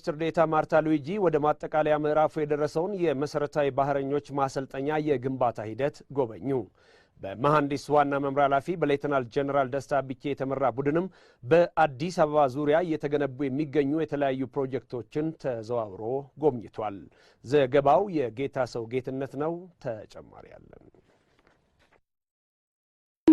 ሚኒስትር ዴታ ማርታ ሉዊጂ ወደ ማጠቃለያ ምዕራፉ የደረሰውን የመሠረታዊ ባህረኞች ማሰልጠኛ የግንባታ ሂደት ጎበኙ። በመሐንዲስ ዋና መምሪያ ኃላፊ በሌተናል ጀኔራል ደስታ ቢኬ የተመራ ቡድንም በአዲስ አበባ ዙሪያ እየተገነቡ የሚገኙ የተለያዩ ፕሮጀክቶችን ተዘዋውሮ ጎብኝቷል። ዘገባው የጌታ ሰው ጌትነት ነው። ተጨማሪ አለን።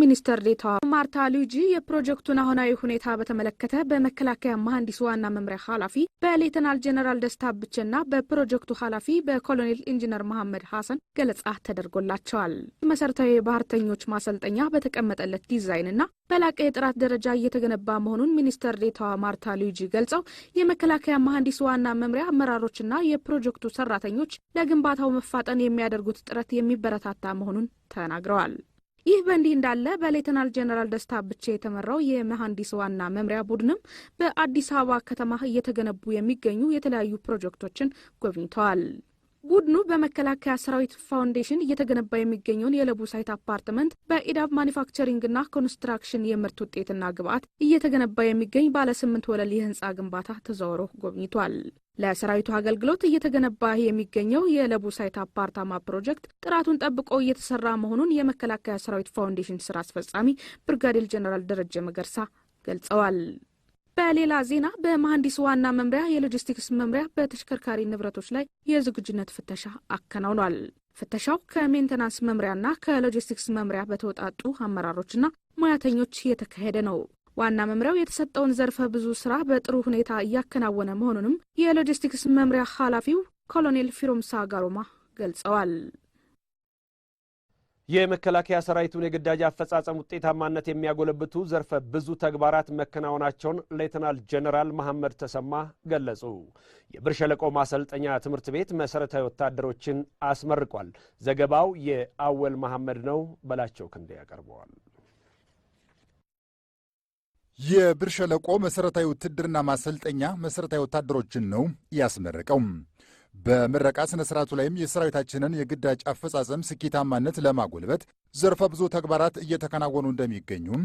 ሚኒስተር ዴኤታዋ ማርታ ሉጂ የፕሮጀክቱን አሁናዊ ሁኔታ በተመለከተ በመከላከያ መሐንዲስ ዋና መምሪያ ኃላፊ በሌተናል ጀነራል ደስታ ብቸና በፕሮጀክቱ ኃላፊ በኮሎኔል ኢንጂነር መሐመድ ሐሰን ገለጻ ተደርጎላቸዋል። መሰረታዊ የባህርተኞች ማሰልጠኛ በተቀመጠለት ዲዛይንና በላቀ የጥራት ደረጃ እየተገነባ መሆኑን ሚኒስተር ዴኤታዋ ማርታ ሉጂ ገልጸው የመከላከያ መሐንዲስ ዋና መምሪያ አመራሮችና የፕሮጀክቱ ሰራተኞች ለግንባታው መፋጠን የሚያደርጉት ጥረት የሚበረታታ መሆኑን ተናግረዋል። ይህ በእንዲህ እንዳለ በሌተናል ጀነራል ደስታ ብቻ የተመራው የመሐንዲስ ዋና መምሪያ ቡድንም በአዲስ አበባ ከተማ እየተገነቡ የሚገኙ የተለያዩ ፕሮጀክቶችን ጎብኝተዋል። ቡድኑ በመከላከያ ሰራዊት ፋውንዴሽን እየተገነባ የሚገኘውን የለቡ ሳይት አፓርትመንት፣ በኢዳብ ማኒፋክቸሪንግና ኮንስትራክሽን የምርት ውጤትና ግብዓት እየተገነባ የሚገኝ ባለ ስምንት ወለል የህንፃ ግንባታ ተዘዋውሮ ጎብኝቷል። ለሰራዊቱ አገልግሎት እየተገነባ የሚገኘው የለቡ ሳይት አፓርታማ ፕሮጀክት ጥራቱን ጠብቆ እየተሰራ መሆኑን የመከላከያ ሰራዊት ፋውንዴሽን ስራ አስፈጻሚ ብርጋዴር ጀነራል ደረጀ መገርሳ ገልጸዋል። በሌላ ዜና በመሐንዲስ ዋና መምሪያ የሎጂስቲክስ መምሪያ በተሽከርካሪ ንብረቶች ላይ የዝግጁነት ፍተሻ አከናውኗል። ፍተሻው ከሜንተናንስ መምሪያና ከሎጂስቲክስ መምሪያ በተወጣጡ አመራሮችና ሙያተኞች የተካሄደ ነው። ዋና መምሪያው የተሰጠውን ዘርፈ ብዙ ስራ በጥሩ ሁኔታ እያከናወነ መሆኑንም የሎጂስቲክስ መምሪያ ኃላፊው ኮሎኔል ፊሮምሳ ጋሮማ ገልጸዋል። የመከላከያ ሰራዊቱን የግዳጅ አፈጻጸም ውጤታማነት የሚያጎለብቱ ዘርፈ ብዙ ተግባራት መከናወናቸውን ሌተናል ጀነራል መሐመድ ተሰማ ገለጹ። የብር ሸለቆ ማሰልጠኛ ትምህርት ቤት መሰረታዊ ወታደሮችን አስመርቋል። ዘገባው የአወል መሐመድ ነው። በላቸው ክንዴ ያቀርበዋል። የብር ሸለቆ መሠረታዊ ውትድርና ማሰልጠኛ መሠረታዊ ወታደሮችን ነው ያስመረቀው። በምረቃ ሥነ ሥርዓቱ ላይም የሰራዊታችንን የግዳጅ አፈጻጸም ስኬታማነት ለማጎልበት ዘርፈ ብዙ ተግባራት እየተከናወኑ እንደሚገኙም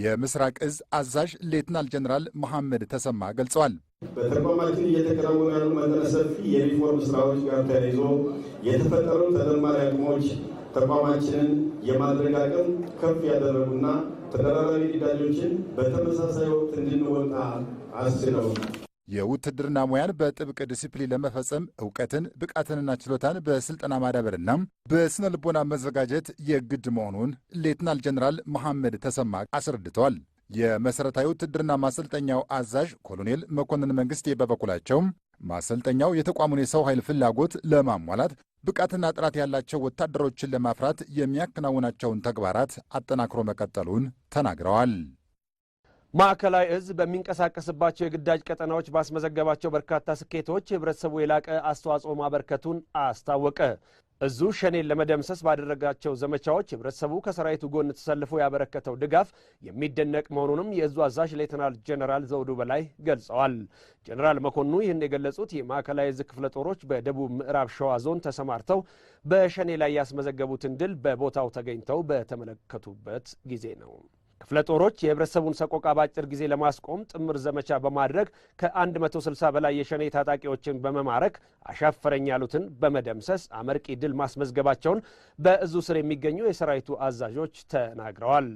የምስራቅ እዝ አዛዥ ሌትናል ጀኔራል መሐመድ ተሰማ ገልጸዋል። በተቋማችን እየተከናወኑ ያሉ መጠነ ሰፊ የሪፎርም ስራዎች ጋር ተያይዞ የተፈጠሩ ተደማሪ አቅሞች ተቋማችንን የማድረግ አቅም ከፍ ያደረጉና ተደራራቢ ግዳጆችን በተመሳሳይ ወቅት እንድንወጣ አስችለውናል። የውትድርና ሙያን በጥብቅ ዲሲፕሊን ለመፈጸም እውቀትን ብቃትንና ችሎታን በስልጠና ማዳበርና በስነ ልቦና መዘጋጀት የግድ መሆኑን ሌትናል ጀኔራል መሐመድ ተሰማ አስረድተዋል። የመሠረታዊ ውትድርና ማሰልጠኛው አዛዥ ኮሎኔል መኮንን መንግስቴ በበኩላቸው ማሰልጠኛው የተቋሙን የሰው ኃይል ፍላጎት ለማሟላት ብቃትና ጥራት ያላቸው ወታደሮችን ለማፍራት የሚያከናውናቸውን ተግባራት አጠናክሮ መቀጠሉን ተናግረዋል። ማዕከላዊ እዝ በሚንቀሳቀስባቸው የግዳጅ ቀጠናዎች ባስመዘገባቸው በርካታ ስኬቶች ህብረተሰቡ የላቀ አስተዋጽኦ ማበርከቱን አስታወቀ። እዙ ሸኔን ለመደምሰስ ባደረጋቸው ዘመቻዎች ህብረተሰቡ ከሰራዊቱ ጎን ተሰልፎ ያበረከተው ድጋፍ የሚደነቅ መሆኑንም የእዙ አዛዥ ሌተናል ጀነራል ዘውዱ በላይ ገልጸዋል። ጀነራል መኮንኑ ይህን የገለጹት የማዕከላዊ እዝ ክፍለ ጦሮች በደቡብ ምዕራብ ሸዋ ዞን ተሰማርተው በሸኔ ላይ ያስመዘገቡትን ድል በቦታው ተገኝተው በተመለከቱበት ጊዜ ነው። ክፍለ ጦሮች የህብረተሰቡን ሰቆቃ በአጭር ጊዜ ለማስቆም ጥምር ዘመቻ በማድረግ ከ160 በላይ የሸኔ ታጣቂዎችን በመማረክ አሻፈረኝ ያሉትን በመደምሰስ አመርቂ ድል ማስመዝገባቸውን በእዙ ስር የሚገኙ የሰራዊቱ አዛዦች ተናግረዋል።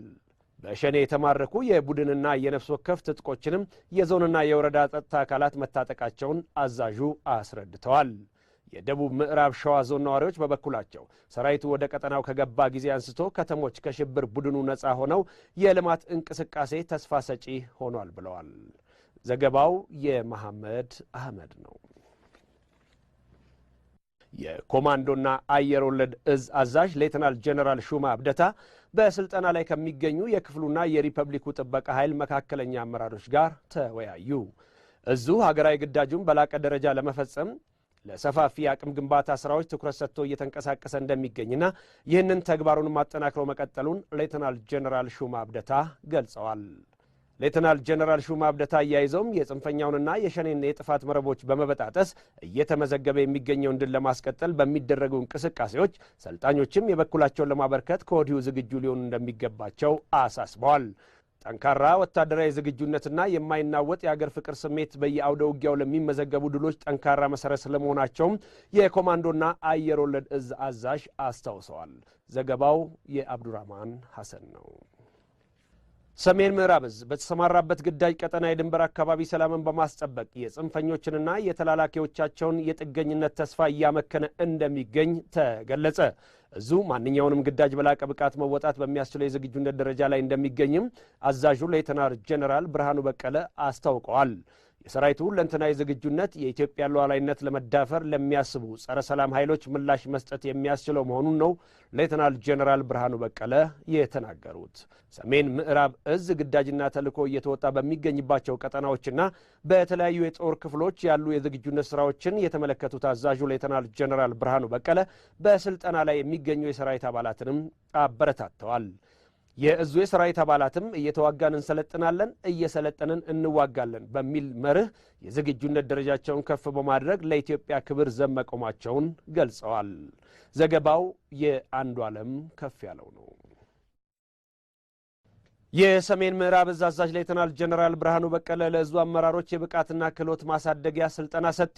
በሸኔ የተማረኩ የቡድንና የነፍስ ወከፍ ትጥቆችንም የዞንና የወረዳ ጸጥታ አካላት መታጠቃቸውን አዛዡ አስረድተዋል። የደቡብ ምዕራብ ሸዋ ዞን ነዋሪዎች በበኩላቸው ሰራዊቱ ወደ ቀጠናው ከገባ ጊዜ አንስቶ ከተሞች ከሽብር ቡድኑ ነፃ ሆነው የልማት እንቅስቃሴ ተስፋ ሰጪ ሆኗል ብለዋል። ዘገባው የመሐመድ አህመድ ነው። የኮማንዶና አየር ወለድ እዝ አዛዥ ሌተናል ጀነራል ሹማ አብደታ በስልጠና ላይ ከሚገኙ የክፍሉና የሪፐብሊኩ ጥበቃ ኃይል መካከለኛ አመራሮች ጋር ተወያዩ። እዙ ሀገራዊ ግዳጁን በላቀ ደረጃ ለመፈጸም ለሰፋፊ የአቅም ግንባታ ስራዎች ትኩረት ሰጥቶ እየተንቀሳቀሰ እንደሚገኝና ይህንን ተግባሩን ማጠናክሮ መቀጠሉን ሌተናል ጀነራል ሹማ አብደታ ገልጸዋል። ሌተናል ጀነራል ሹማ አብደታ አያይዘውም የጽንፈኛውንና የሸኔን የጥፋት መረቦች በመበጣጠስ እየተመዘገበ የሚገኘውን ድል ለማስቀጠል በሚደረጉ እንቅስቃሴዎች ሰልጣኞችም የበኩላቸውን ለማበርከት ከወዲሁ ዝግጁ ሊሆኑ እንደሚገባቸው አሳስበዋል። ጠንካራ ወታደራዊ ዝግጁነትና የማይናወጥ የአገር ፍቅር ስሜት በየአውደ ውጊያው ለሚመዘገቡ ድሎች ጠንካራ መሰረት ስለመሆናቸውም የኮማንዶና አየር ወለድ እዝ አዛዥ አስታውሰዋል። ዘገባው የአብዱራህማን ሐሰን ነው። ሰሜን ምዕራብ እዝ በተሰማራበት ግዳጅ ቀጠና የድንበር አካባቢ ሰላምን በማስጠበቅ የጽንፈኞችንና የተላላኪዎቻቸውን የጥገኝነት ተስፋ እያመከነ እንደሚገኝ ተገለጸ። እዙ ማንኛውንም ግዳጅ በላቀ ብቃት መወጣት በሚያስችለው የዝግጁነት ደረጃ ላይ እንደሚገኝም አዛዡ ሌተናር ጄኔራል ብርሃኑ በቀለ አስታውቀዋል። የሰራዊቱ ሁለንተናዊ ዝግጁነት የኢትዮጵያ ሉዓላዊነት ለመዳፈር ለሚያስቡ ጸረ ሰላም ኃይሎች ምላሽ መስጠት የሚያስችለው መሆኑን ነው ሌተናል ጄኔራል ብርሃኑ በቀለ የተናገሩት። ሰሜን ምዕራብ እዝ ግዳጅና ተልዕኮ እየተወጣ በሚገኝባቸው ቀጠናዎችና በተለያዩ የጦር ክፍሎች ያሉ የዝግጁነት ስራዎችን የተመለከቱት አዛዡ ሌተናል ጄኔራል ብርሃኑ በቀለ በስልጠና ላይ የሚገኙ የሰራዊት አባላትንም አበረታተዋል። የእዙ የሰራዊት አባላትም እየተዋጋን እንሰለጥናለን፣ እየሰለጠንን እንዋጋለን በሚል መርህ የዝግጁነት ደረጃቸውን ከፍ በማድረግ ለኢትዮጵያ ክብር ዘመቆማቸውን ገልጸዋል። ዘገባው የአንዱ ዓለም ከፍ ያለው ነው። የሰሜን ምዕራብ እዝ አዛዥ ሌተናል ጀነራል ብርሃኑ በቀለ ለእዙ አመራሮች የብቃትና ክህሎት ማሳደጊያ ስልጠና ሰጡ።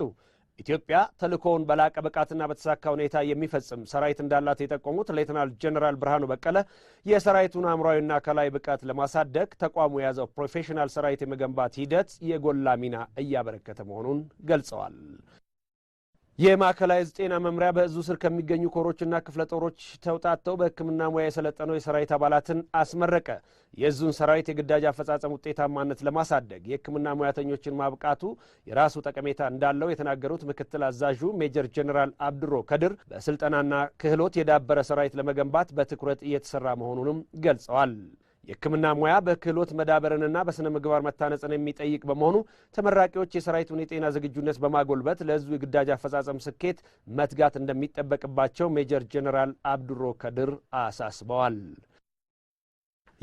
ኢትዮጵያ ተልእኮውን በላቀ ብቃትና በተሳካ ሁኔታ የሚፈጽም ሰራዊት እንዳላት የጠቆሙት ሌተናል ጀኔራል ብርሃኑ በቀለ የሰራዊቱን አእምሯዊና አካላዊ ብቃት ለማሳደግ ተቋሙ የያዘው ፕሮፌሽናል ሰራዊት የመገንባት ሂደት የጎላ ሚና እያበረከተ መሆኑን ገልጸዋል። የማዕከላዊ ዕዝ ጤና መምሪያ በዕዙ ስር ከሚገኙ ኮሮችና ክፍለ ጦሮች ተውጣተው በሕክምና ሙያ የሰለጠነው የሰራዊት አባላትን አስመረቀ። የዙን ሰራዊት የግዳጅ አፈጻጸም ውጤታማነት ለማሳደግ የሕክምና ሙያተኞችን ማብቃቱ የራሱ ጠቀሜታ እንዳለው የተናገሩት ምክትል አዛዡ ሜጀር ጀኔራል አብድሮ ከድር በስልጠናና ክህሎት የዳበረ ሰራዊት ለመገንባት በትኩረት እየተሰራ መሆኑንም ገልጸዋል። የሕክምና ሙያ በክህሎት መዳበርንና በሥነ ምግባር መታነጽን የሚጠይቅ በመሆኑ ተመራቂዎች የሰራዊቱን የጤና ዝግጁነት በማጎልበት ለሕዝቡ የግዳጅ አፈጻጸም ስኬት መትጋት እንደሚጠበቅባቸው ሜጀር ጀኔራል አብዱሮ ከድር አሳስበዋል።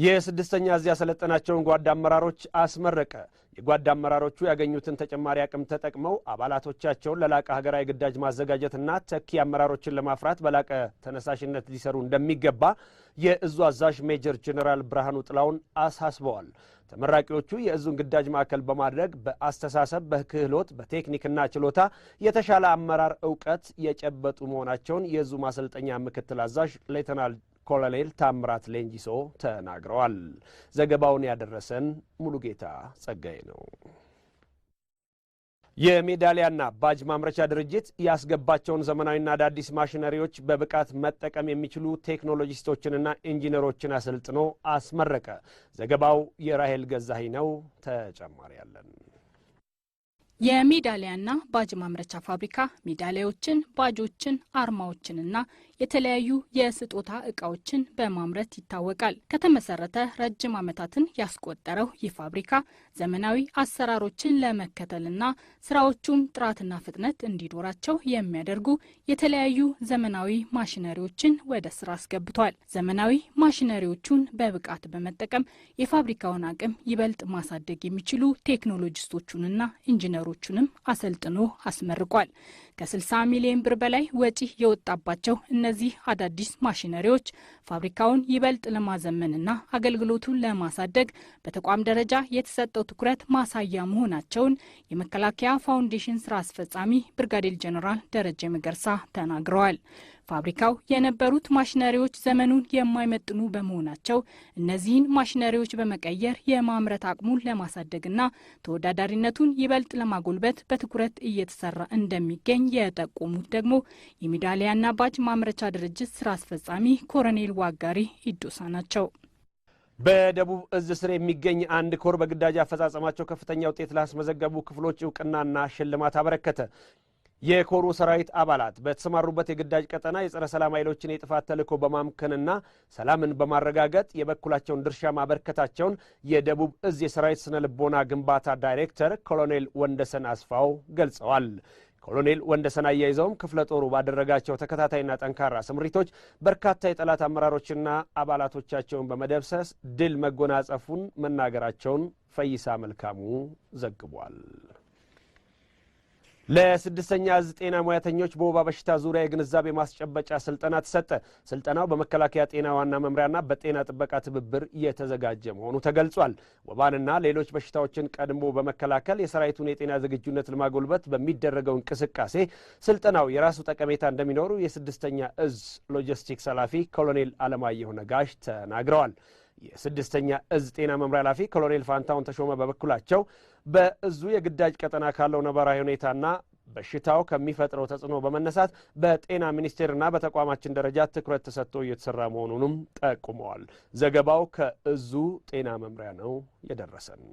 የስድስተኛ እዝ ያሰለጠናቸውን ጓድ አመራሮች አስመረቀ። የጓድ አመራሮቹ ያገኙትን ተጨማሪ አቅም ተጠቅመው አባላቶቻቸውን ለላቀ ሀገራዊ ግዳጅ ማዘጋጀትና ተኪ አመራሮችን ለማፍራት በላቀ ተነሳሽነት ሊሰሩ እንደሚገባ የእዙ አዛዥ ሜጀር ጀኔራል ብርሃኑ ጥላውን አሳስበዋል። ተመራቂዎቹ የእዙን ግዳጅ ማዕከል በማድረግ በአስተሳሰብ፣ በክህሎት፣ በቴክኒክና ችሎታ የተሻለ አመራር እውቀት የጨበጡ መሆናቸውን የእዙ ማሰልጠኛ ምክትል አዛዥ ሌተናል ኮሎኔል ታምራት ሌንጂሶ ተናግረዋል። ዘገባውን ያደረሰን ሙሉጌታ ጸጋዬ ነው። የሜዳሊያና ባጅ ማምረቻ ድርጅት ያስገባቸውን ዘመናዊና አዳዲስ ማሽነሪዎች በብቃት መጠቀም የሚችሉ ቴክኖሎጂስቶችንና ኢንጂነሮችን አሰልጥኖ አስመረቀ። ዘገባው የራሄል ገዛሂ ነው። ተጨማሪ ያለን የሜዳሊያና ባጅ ማምረቻ ፋብሪካ ሜዳሊያዎችን፣ ባጆችን፣ አርማዎችንና የተለያዩ የስጦታ እቃዎችን በማምረት ይታወቃል። ከተመሰረተ ረጅም ዓመታትን ያስቆጠረው ይህ ፋብሪካ ዘመናዊ አሰራሮችን ለመከተልና ስራዎቹም ጥራትና ፍጥነት እንዲኖራቸው የሚያደርጉ የተለያዩ ዘመናዊ ማሽነሪዎችን ወደ ስራ አስገብቷል። ዘመናዊ ማሽነሪዎቹን በብቃት በመጠቀም የፋብሪካውን አቅም ይበልጥ ማሳደግ የሚችሉ ቴክኖሎጂስቶቹንና ኢንጂነሮቹንም አሰልጥኖ አስመርቋል። ከ60 ሚሊዮን ብር በላይ ወጪ የወጣባቸው እነዚህ አዳዲስ ማሽነሪዎች ፋብሪካውን ይበልጥ ለማዘመንና አገልግሎቱን ለማሳደግ በተቋም ደረጃ የተሰጠው ትኩረት ማሳያ መሆናቸውን የመከላከያ ፋውንዴሽን ስራ አስፈጻሚ ብርጋዴር ጄኔራል ደረጀ መገርሳ ተናግረዋል። ፋብሪካው የነበሩት ማሽነሪዎች ዘመኑን የማይመጥኑ በመሆናቸው እነዚህን ማሽነሪዎች በመቀየር የማምረት አቅሙን ለማሳደግና ተወዳዳሪነቱን ይበልጥ ለማጎልበት በትኩረት እየተሰራ እንደሚገኝ የጠቆሙት ደግሞ የሜዳሊያና ባጅ ማምረቻ ድርጅት ስራ አስፈጻሚ ኮሎኔል ዋጋሪ ኢዶሳ ናቸው። በደቡብ እዝ ስር የሚገኝ አንድ ኮር በግዳጅ አፈጻጸማቸው ከፍተኛ ውጤት ላስመዘገቡ ክፍሎች እውቅናና ሽልማት አበረከተ። የኮሩ ሰራዊት አባላት በተሰማሩበት የግዳጅ ቀጠና የጸረ ሰላም ኃይሎችን የጥፋት ተልኮ በማምከንና ሰላምን በማረጋገጥ የበኩላቸውን ድርሻ ማበርከታቸውን የደቡብ እዝ የሰራዊት ስነ ልቦና ግንባታ ዳይሬክተር ኮሎኔል ወንደሰን አስፋው ገልጸዋል። ኮሎኔል ወንደሰን አያይዘውም ክፍለ ጦሩ ባደረጋቸው ተከታታይና ጠንካራ ስምሪቶች በርካታ የጠላት አመራሮችና አባላቶቻቸውን በመደብሰስ ድል መጎናጸፉን መናገራቸውን ፈይሳ መልካሙ ዘግቧል። ለስድስተኛ እዝ ጤና ሙያተኞች በወባ በሽታ ዙሪያ የግንዛቤ ማስጨበጫ ስልጠና ተሰጠ። ስልጠናው በመከላከያ ጤና ዋና መምሪያና በጤና ጥበቃ ትብብር እየተዘጋጀ መሆኑ ተገልጿል። ወባንና ሌሎች በሽታዎችን ቀድሞ በመከላከል የሰራዊቱን የጤና ዝግጁነት ለማጎልበት በሚደረገው እንቅስቃሴ ስልጠናው የራሱ ጠቀሜታ እንደሚኖሩ የስድስተኛ እዝ ሎጂስቲክስ ኃላፊ ኮሎኔል አለማየሁ ነጋሽ ተናግረዋል። የስድስተኛ እዝ ጤና መምሪያ ኃላፊ ኮሎኔል ፋንታውን ተሾመ በበኩላቸው በእዙ የግዳጅ ቀጠና ካለው ነባራዊ ሁኔታና በሽታው ከሚፈጥረው ተጽዕኖ በመነሳት በጤና ሚኒስቴርና በተቋማችን ደረጃ ትኩረት ተሰጥቶ እየተሰራ መሆኑንም ጠቁመዋል። ዘገባው ከእዙ ጤና መምሪያ ነው የደረሰን።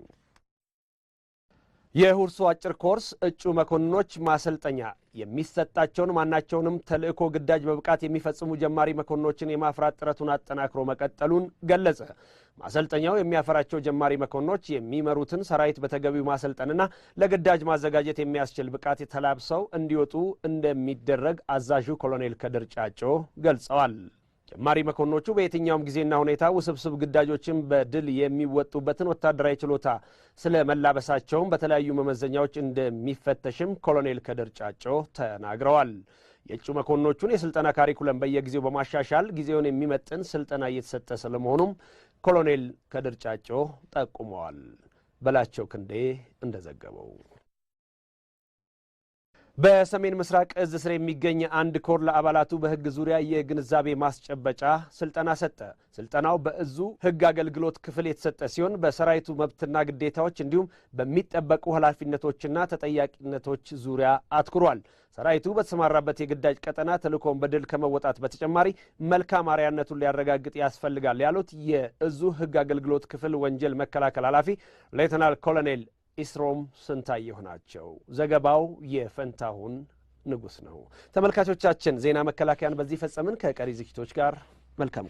የሁርሶ አጭር ኮርስ እጩ መኮንኖች ማሰልጠኛ የሚሰጣቸውን ማናቸውንም ተልእኮ ግዳጅ በብቃት የሚፈጽሙ ጀማሪ መኮንኖችን የማፍራት ጥረቱን አጠናክሮ መቀጠሉን ገለጸ። ማሰልጠኛው የሚያፈራቸው ጀማሪ መኮንኖች የሚመሩትን ሰራዊት በተገቢው ማሰልጠንና ለግዳጅ ማዘጋጀት የሚያስችል ብቃት ተላብሰው እንዲወጡ እንደሚደረግ አዛዡ ኮሎኔል ከድር ጫጮ ገልጸዋል። ጭማሪ መኮንኖቹ በየትኛውም ጊዜና ሁኔታ ውስብስብ ግዳጆችን በድል የሚወጡበትን ወታደራዊ ችሎታ ስለ መላበሳቸውም በተለያዩ መመዘኛዎች እንደሚፈተሽም ኮሎኔል ከድር ጫጮ ተናግረዋል። የእጩ መኮንኖቹን የስልጠና ካሪኩለም በየጊዜው በማሻሻል ጊዜውን የሚመጥን ስልጠና እየተሰጠ ስለመሆኑም ኮሎኔል ከድር ጫጮ ጠቁመዋል። በላቸው ክንዴ እንደዘገበው በሰሜን ምስራቅ እዝ ስር የሚገኝ አንድ ኮር ለአባላቱ በህግ ዙሪያ የግንዛቤ ማስጨበጫ ስልጠና ሰጠ። ስልጠናው በእዙ ህግ አገልግሎት ክፍል የተሰጠ ሲሆን በሰራዊቱ መብትና ግዴታዎች እንዲሁም በሚጠበቁ ኃላፊነቶችና ተጠያቂነቶች ዙሪያ አትኩሯል። ሰራዊቱ በተሰማራበት የግዳጅ ቀጠና ተልእኮውን በድል ከመወጣት በተጨማሪ መልካም አርአያነቱን ሊያረጋግጥ ያስፈልጋል ያሉት የእዙ ህግ አገልግሎት ክፍል ወንጀል መከላከል ኃላፊ ሌተናል ኮሎኔል ኢስሮም ስንታየሁ ናቸው። ዘገባው የፈንታሁን ንጉሥ ነው። ተመልካቾቻችን ዜና መከላከያን በዚህ ፈጸምን። ከቀሪ ዝግጅቶች ጋር መልካም